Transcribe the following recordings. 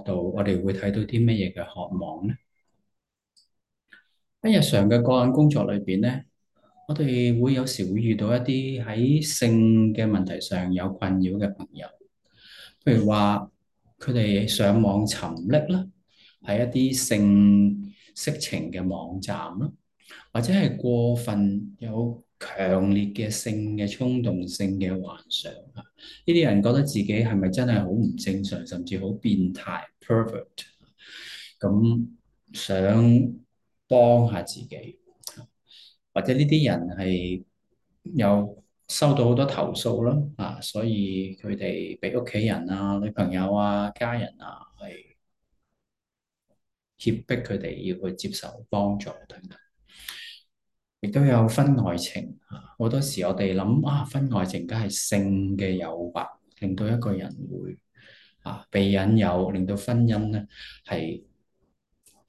度，我哋會睇到啲乜嘢嘅渴望咧？喺日常嘅個案工作裏邊咧，我哋會有時會遇到一啲喺性嘅問題上有困擾嘅朋友，譬如話佢哋上網沉溺啦，喺一啲性色情嘅網站囉，或者係過分有強烈嘅性嘅衝動，性嘅幻想啊！呢啲人覺得自己係咪真係好唔正常，甚至好變態 pervert 咁、啊嗯、想幫下自己，啊、或者呢啲人係有收到好多投訴啦啊！所以佢哋俾屋企人啊、女朋友啊、家人啊係脅迫佢哋要去接受幫助等等。亦都有婚外情啊！好多時我哋諗啊，婚外情梗係性嘅誘惑，令到一個人會啊被引誘，令到婚姻咧係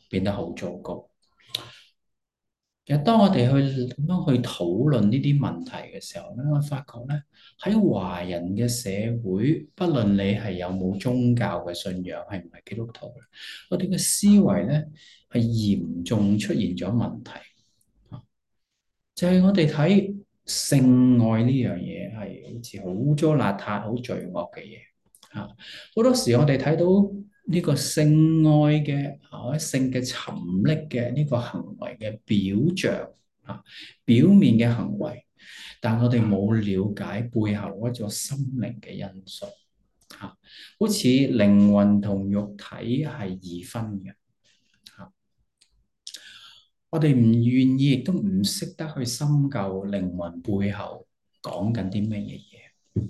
變得好糟糕。其實當我哋去咁樣去討論呢啲問題嘅時候咧，我發覺咧喺華人嘅社會，不論你係有冇宗教嘅信仰，係唔係基督徒，我哋嘅思維咧係嚴重出現咗問題。就係我哋睇性愛呢樣嘢係好似好污糟邋遢、好罪惡嘅嘢嚇。啊，好多時我哋睇到呢個性愛嘅，啊，性嘅沉溺嘅呢個行為嘅表象嚇、啊，表面嘅行為，但我哋冇了解背後嗰種心靈嘅因素嚇。啊，好似靈魂同肉體係二分嘅。我哋唔願意，亦都唔識得去深究靈魂背後講緊啲咩嘢嘢。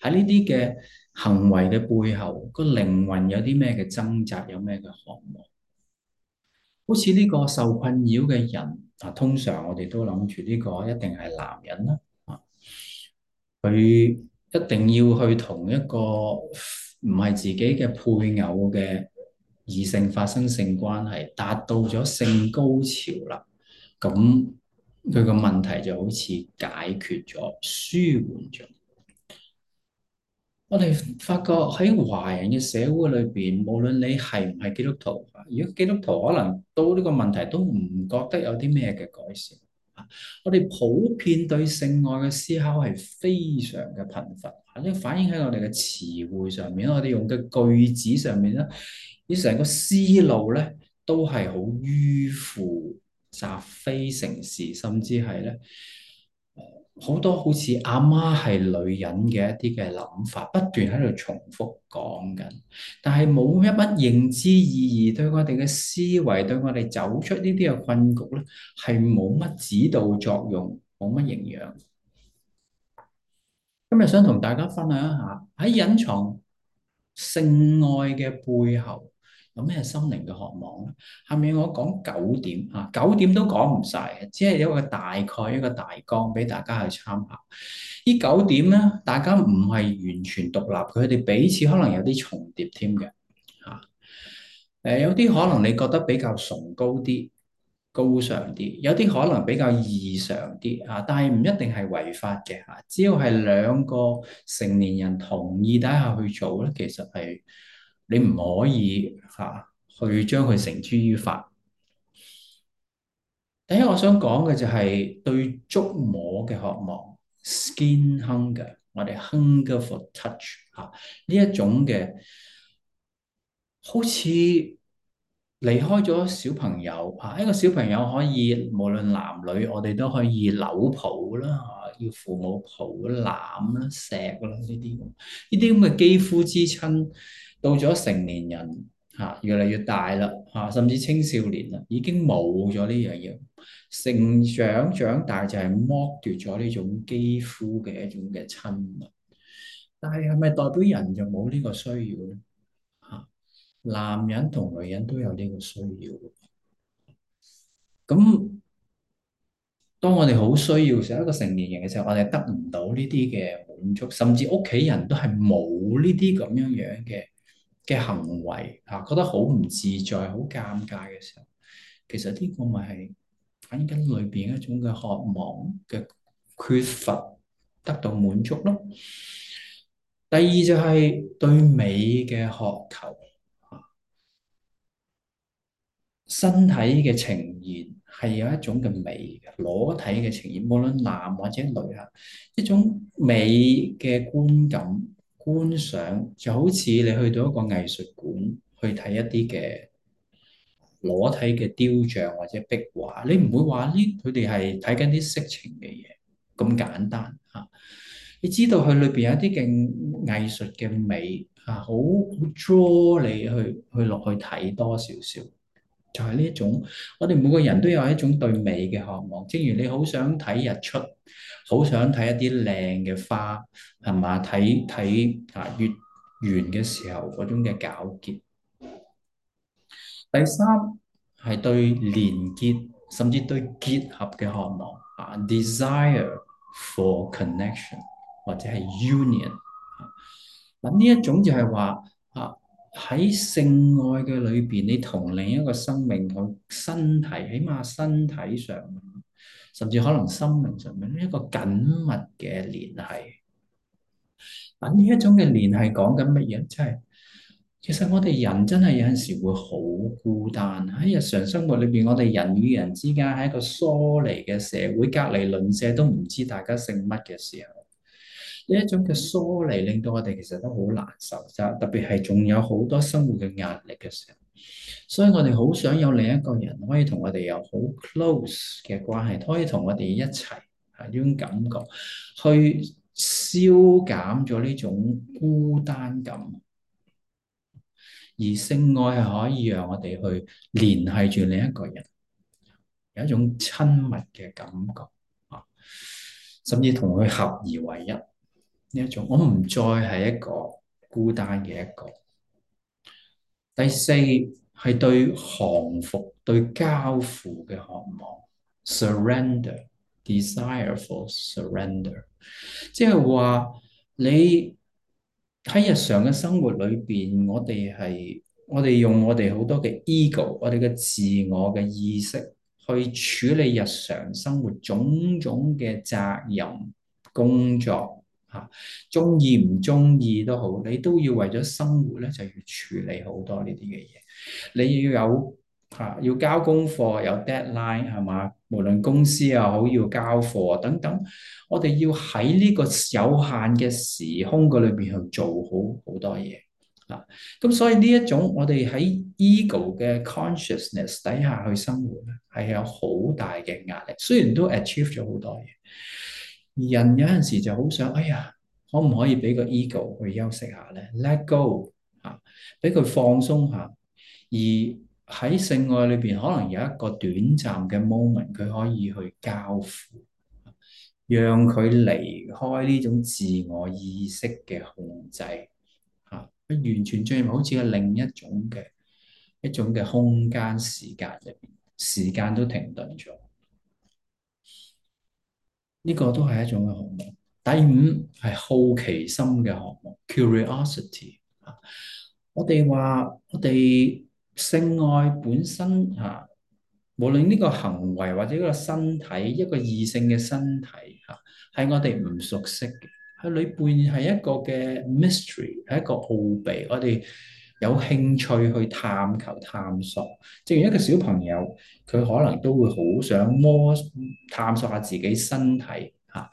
喺呢啲嘅行為嘅背後，個靈魂有啲咩嘅掙扎，有咩嘅渴望？好似呢個受困擾嘅人啊，通常我哋都諗住呢個一定係男人啦。佢、啊、一定要去同一個唔係自己嘅配偶嘅。異性發生性關係，達到咗性高潮啦，咁佢個問題就好似解決咗，舒緩咗。我哋發覺喺華人嘅社會裏邊，無論你係唔係基督徒，如果基督徒可能到呢個問題都唔覺得有啲咩嘅改善。我哋普遍對性愛嘅思考係非常嘅貧乏，或者反映喺我哋嘅詞彙上面，我哋用嘅句子上面啦。啲成個思路咧都係好迂腐、習非成是，甚至係咧好多好似阿媽係女人嘅一啲嘅諗法，不斷喺度重複講緊，但係冇一乜認知意義，對我哋嘅思維，對我哋走出呢啲嘅困局咧，係冇乜指導作用，冇乜營養。今日想同大家分享一下喺隱藏性愛嘅背後。咁咩心靈嘅渴望咧？下面我講九點啊，九點都講唔晒嘅，只係有個大概一個大綱俾大家去參考。呢九點咧，大家唔係完全獨立，佢哋彼此可能有啲重疊添嘅嚇。誒、啊，有啲可能你覺得比較崇高啲、高尚啲，有啲可能比較異常啲嚇、啊，但係唔一定係違法嘅嚇、啊。只要係兩個成年人同意底下去做咧，其實係。你唔可以嚇去將佢繩之於法。第一，我想講嘅就係對觸摸嘅渴望 （skin hunger），我哋 hunger for touch 嚇呢一種嘅，好似離開咗小朋友嚇，一個小朋友可以無論男女，我哋都可以扭抱啦，要父母抱攬啦、錫啦呢啲，呢啲咁嘅肌膚之親。到咗成年人嚇、啊，越嚟越大啦嚇、啊，甚至青少年啦，已經冇咗呢樣嘢。成長長大就係剝奪咗呢種肌膚嘅一種嘅親密。但係係咪代表人就冇呢個需要咧？嚇、啊，男人同女人都有呢個需要。咁當我哋好需要成一個成年人嘅時候，我哋得唔到呢啲嘅滿足，甚至屋企人都係冇呢啲咁樣樣嘅。嘅行為嚇、啊，覺得好唔自在、好尷尬嘅時候，其實呢個咪係反映緊裏邊一種嘅渴望嘅缺乏得到滿足咯。第二就係對美嘅渴求，身體嘅呈現係有一種嘅美，裸體嘅呈現，無論男或者女嚇，一種美嘅觀感。觀賞，就好似你去到一個藝術館去睇一啲嘅裸體嘅雕像或者壁畫，你唔會話呢佢哋係睇緊啲色情嘅嘢咁簡單嚇、啊。你知道佢裏邊有一啲嘅藝術嘅美嚇，好、啊、好 draw 你去去落去睇多少少，就係呢一種。我哋每個人都有一種對美嘅渴望，正如你好想睇日出。好想睇一啲靚嘅花，係嘛？睇睇啊，月圓嘅時候嗰種嘅糾結。第三係對連結，甚至對結合嘅渴望啊，desire for connection 或者係 union。咁呢一種就係話啊，喺性愛嘅裏邊，你同另一個生命同身體，起碼身體上。甚至可能心靈上面一個緊密嘅聯繫。嗱，呢一種嘅聯繫講緊乜嘢？即係其實我哋人真係有陣時會好孤單，喺日常生活裏面，我哋人與人之間係一個疏離嘅社會，隔離鄰舍都唔知大家姓乜嘅時候，呢一種嘅疏離令到我哋其實都好難受，就特別係仲有好多生活嘅壓力嘅時候。所以我哋好想有另一個人可以同我哋有好 close 嘅關係，可以同我哋一齊，係呢種感覺，去消減咗呢種孤單感。而性愛係可以讓我哋去聯繫住另一個人，有一種親密嘅感覺啊，甚至同佢合而為一呢一種，我唔再係一個孤單嘅一個。第四係對降服、對交付嘅渴望，surrender desire for surrender，即係話你喺日常嘅生活裏邊，我哋係我哋用我哋好多嘅 ego，我哋嘅自我嘅意識去處理日常生活種種嘅責任工作。吓，中意唔中意都好，你都要為咗生活咧，就要處理好多呢啲嘅嘢。你要有吓、啊，要交功課，有 deadline 係嘛？無論公司又好，要交貨等等，我哋要喺呢個有限嘅時空嘅裏邊去做好好多嘢。吓、啊，咁所以呢一種我哋喺 ego 嘅 consciousness 底下去生活咧，係有好大嘅壓力。雖然都 achieve 咗好多嘢。人有陣時就好想，哎呀，可唔可以俾個 ego 去休息下呢？Let go 嚇、啊，俾佢放鬆下。而喺性愛裏邊，可能有一個短暫嘅 moment，佢可以去交付，啊、讓佢離開呢種自我意識嘅控制嚇，佢、啊、完全進入好似係另一種嘅一種嘅空間時間入邊，時間都停頓咗。呢個都係一種嘅項目。第五係好奇心嘅項目，curiosity。我哋話我哋性愛本身吓、啊，無論呢個行為或者呢個身體，一個異性嘅身體吓，係、啊、我哋唔熟悉嘅，佢裏面係一個嘅 mystery，係一個奧秘，我哋。有興趣去探求探索，正如一個小朋友，佢可能都會好想摸探索下自己身體嚇。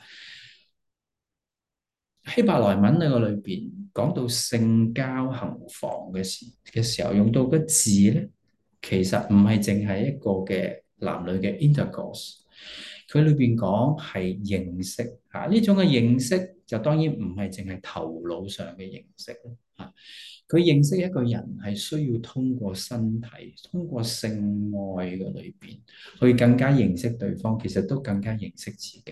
希伯來文呢個裏邊講到性交行房嘅時嘅時候，用到嘅字咧，其實唔係淨係一個嘅男女嘅 intercourse，佢裏邊講係認識嚇呢種嘅認識。就當然唔係淨係頭腦上嘅認識咯嚇。佢、啊、認識一個人係需要通過身體，通過性愛嘅裏邊去更加認識對方，其實都更加認識自己。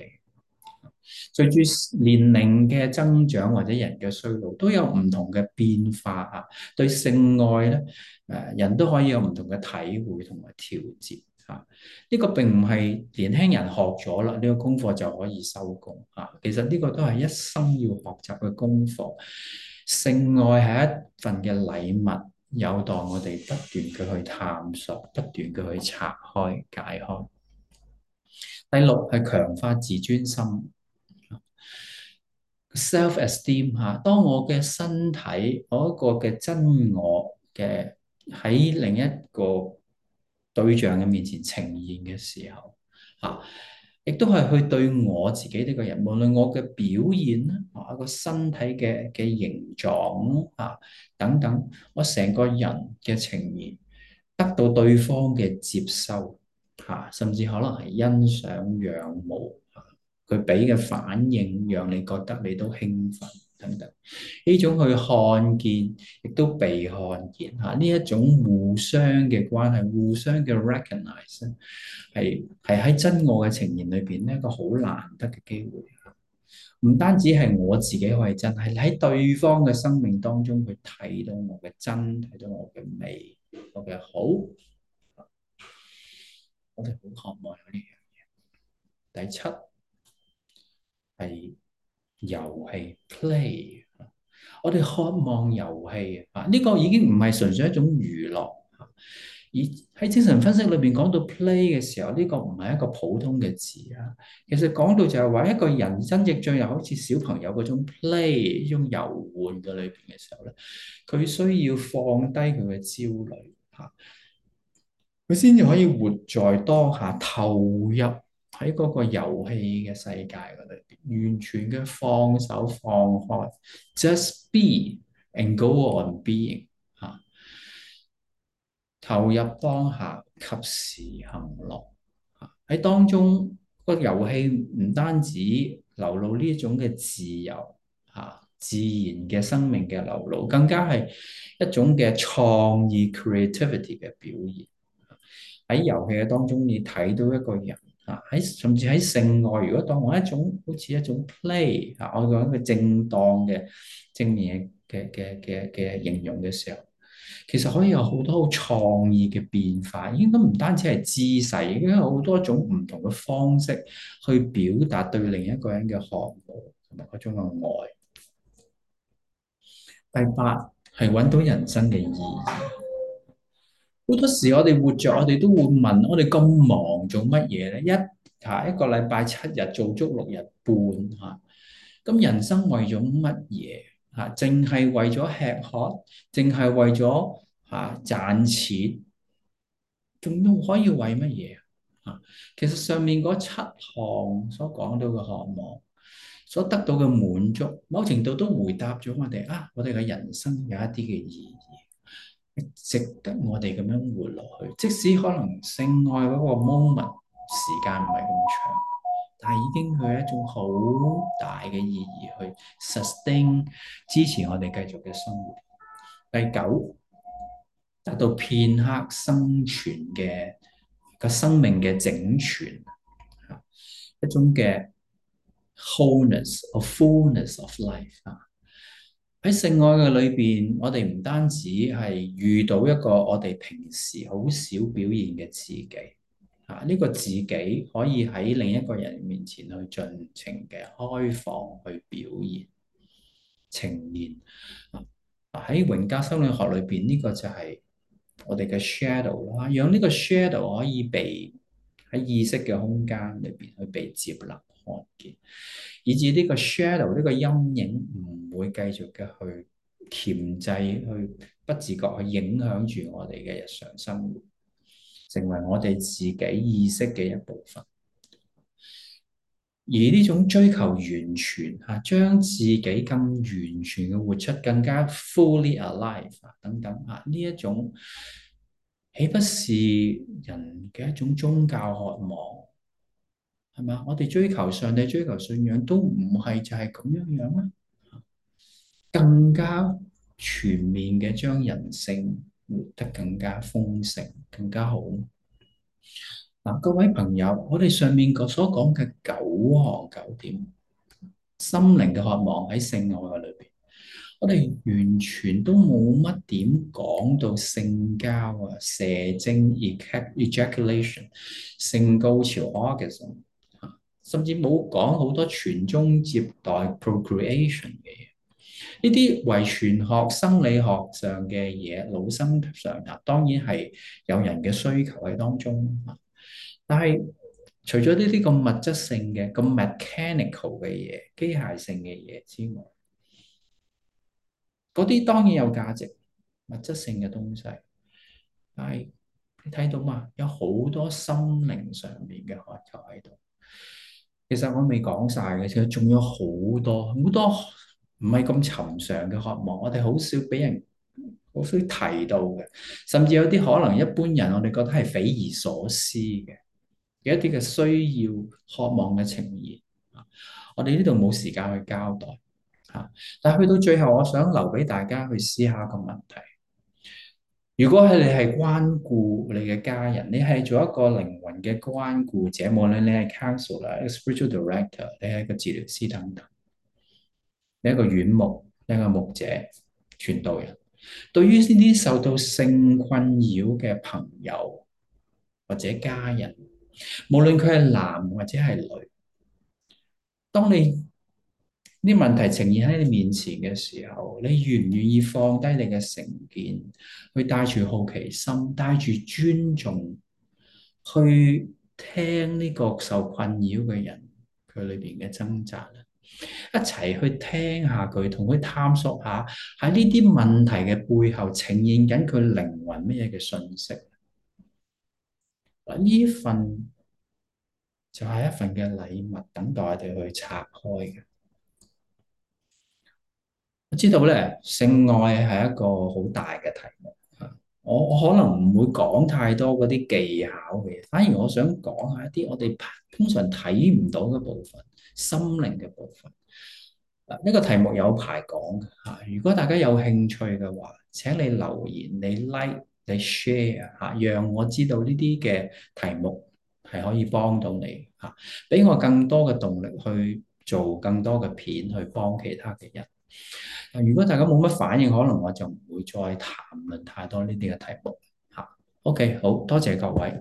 隨、啊、住年齡嘅增長或者人嘅衰老，都有唔同嘅變化啊。對性愛咧，誒、啊、人都可以有唔同嘅體會同埋調節。呢個並唔係年輕人學咗啦，呢、這個功課就可以收工啊。其實呢個都係一生要學習嘅功課。性愛係一份嘅禮物，有待我哋不斷嘅去探索，不斷嘅去拆開、解開。第六係強化自尊心，self-esteem。吓 Self，esteem，當我嘅身體，我、那、一個嘅真我嘅喺另一個。對象嘅面前呈現嘅時候，嚇、啊，亦都係去對我自己呢個人，無論我嘅表現啦，一、啊、個身體嘅嘅形狀啊，等等，我成個人嘅呈現得到對方嘅接受，嚇、啊，甚至可能係欣賞、仰慕，佢俾嘅反應讓你覺得你都興奮。等等呢種去看見，亦都被看見嚇，呢一種互相嘅關係，互相嘅 recognize，係係喺真我嘅呈現裏邊，呢一個好難得嘅機會。唔單止係我自己可以真，係喺對方嘅生命當中，去睇到我嘅真，睇到我嘅美，我嘅好，我哋好渴望呢樣嘢。第七係。遊戲 play，我哋渴望遊戲啊！呢個已經唔係純粹一種娛樂，啊、而喺精神分析裏邊講到 play 嘅時候，呢個唔係一個普通嘅字啊。其實講到就係話一個人生亦進入好似小朋友嗰種 play，呢種遊玩嘅裏邊嘅時候咧，佢需要放低佢嘅焦慮，佢先至可以活在當下，投入。喺嗰個遊戲嘅世界嗰度，完全嘅放手放開，just be and go on being 嚇、啊，投入當下，及時行樂嚇，喺當中個遊戲唔單止流露呢種嘅自由嚇、啊、自然嘅生命嘅流露，更加係一種嘅創意 creativity 嘅表現。喺遊戲嘅當中，你睇到一個人。喺甚至喺性愛，如果當我一種好似一種 play，我講一個正當嘅正面嘅嘅嘅嘅形容嘅時候，其實可以有好多好創意嘅變化。應該唔單止係姿勢，應該有好多種唔同嘅方式去表達對另一個人嘅渴望同埋嗰種嘅愛。第八係揾到人生嘅意義。好多時我哋活着，我哋都會問我：我哋咁忙做乜嘢咧？一嚇、啊、一個禮拜七日做足六日半嚇，咁、啊、人生為咗乜嘢嚇？淨、啊、係為咗吃喝，淨、啊、係為咗嚇、啊、賺錢，仲可以為乜嘢啊？嚇！其實上面嗰七項所講到嘅渴望，所得到嘅滿足，某程度都回答咗我哋啊！我哋嘅人生有一啲嘅意義。值得我哋咁樣活落去，即使可能性愛嗰個 moment 時間唔係咁長，但係已經佢係一種好大嘅意義去 sustain 支持我哋繼續嘅生活。第九，達到片刻生存嘅個生命嘅整全，一種嘅 wholeness，or fullness of life 啊。喺性愛嘅裏邊，我哋唔單止係遇到一個我哋平時好少表現嘅自己，嚇、啊、呢、這個自己可以喺另一個人面前去盡情嘅開放去表現呈現。喺榮格心理學裏邊，呢、這個就係我哋嘅 shadow 啦、啊，讓呢個 shadow 可以被喺意識嘅空間裏邊去被接納。以至呢個 shadow 呢個陰影唔會繼續嘅去鉗制，去不自覺去影響住我哋嘅日常生活，成為我哋自己意識嘅一部分。而呢種追求完全吓、啊，將自己更完全嘅活出，更加 fully alive、啊、等等啊，呢一種豈不是人嘅一種宗教渴望？係嘛？我哋追求上帝，追求信仰，都唔係就係咁樣樣咩？更加全面嘅將人性活得更加豐盛、更加好。嗱，各位朋友，我哋上面個所講嘅九項九點心靈嘅渴望喺性愛裏邊，我哋完全都冇乜點講到性交啊、射精、ejaculation、性高潮、orgasm。甚至冇講好多傳宗接代 procreation 嘅嘢，呢啲遺傳學、生理學上嘅嘢、腦神經上啊，當然係有人嘅需求喺當中啊。但係除咗呢啲咁物質性嘅、咁 mechanical 嘅嘢、機械性嘅嘢之外，嗰啲當然有價值，物質性嘅東西。但係你睇到嘛，有好多心靈上面嘅渴求喺度。其實我未講晒嘅，其實仲有好多好多唔係咁尋常嘅渴望，我哋好少俾人好少提到嘅，甚至有啲可能一般人我哋覺得係匪夷所思嘅有一啲嘅需要渴望嘅情意啊，我哋呢度冇時間去交代吓，但係去到最後，我想留俾大家去思考一,一個問題。如果係你係關顧你嘅家人，你係做一個靈魂嘅關顧者，無論你係 counselor、spiritual director，你係一個治療師等等，你一個院牧、你一個牧者、傳道人，對於呢啲受到性困擾嘅朋友或者家人，無論佢係男或者係女，當你呢啲問題呈現喺你面前嘅時候，你願唔願意放低你嘅成見，去帶住好奇心、帶住尊重，去聽呢個受困擾嘅人佢裏邊嘅掙扎啊！一齊去聽下佢，同佢探索下喺呢啲問題嘅背後呈現緊佢靈魂乜嘢嘅信息？呢份就係一份嘅禮物，等待我哋去拆開嘅。我知道咧，性愛係一個好大嘅題目。我、啊、我可能唔會講太多嗰啲技巧嘅。反而我想講下一啲我哋通常睇唔到嘅部分，心靈嘅部分。呢、啊，這個題目有排講吓。如果大家有興趣嘅話，請你留言、你 like、你 share 吓、啊，讓我知道呢啲嘅題目係可以幫到你吓，俾、啊、我更多嘅動力去做更多嘅片去幫其他嘅人。嗱，如果大家冇乜反應，可能我就唔會再談論太多呢啲嘅題目吓。OK，好多謝各位。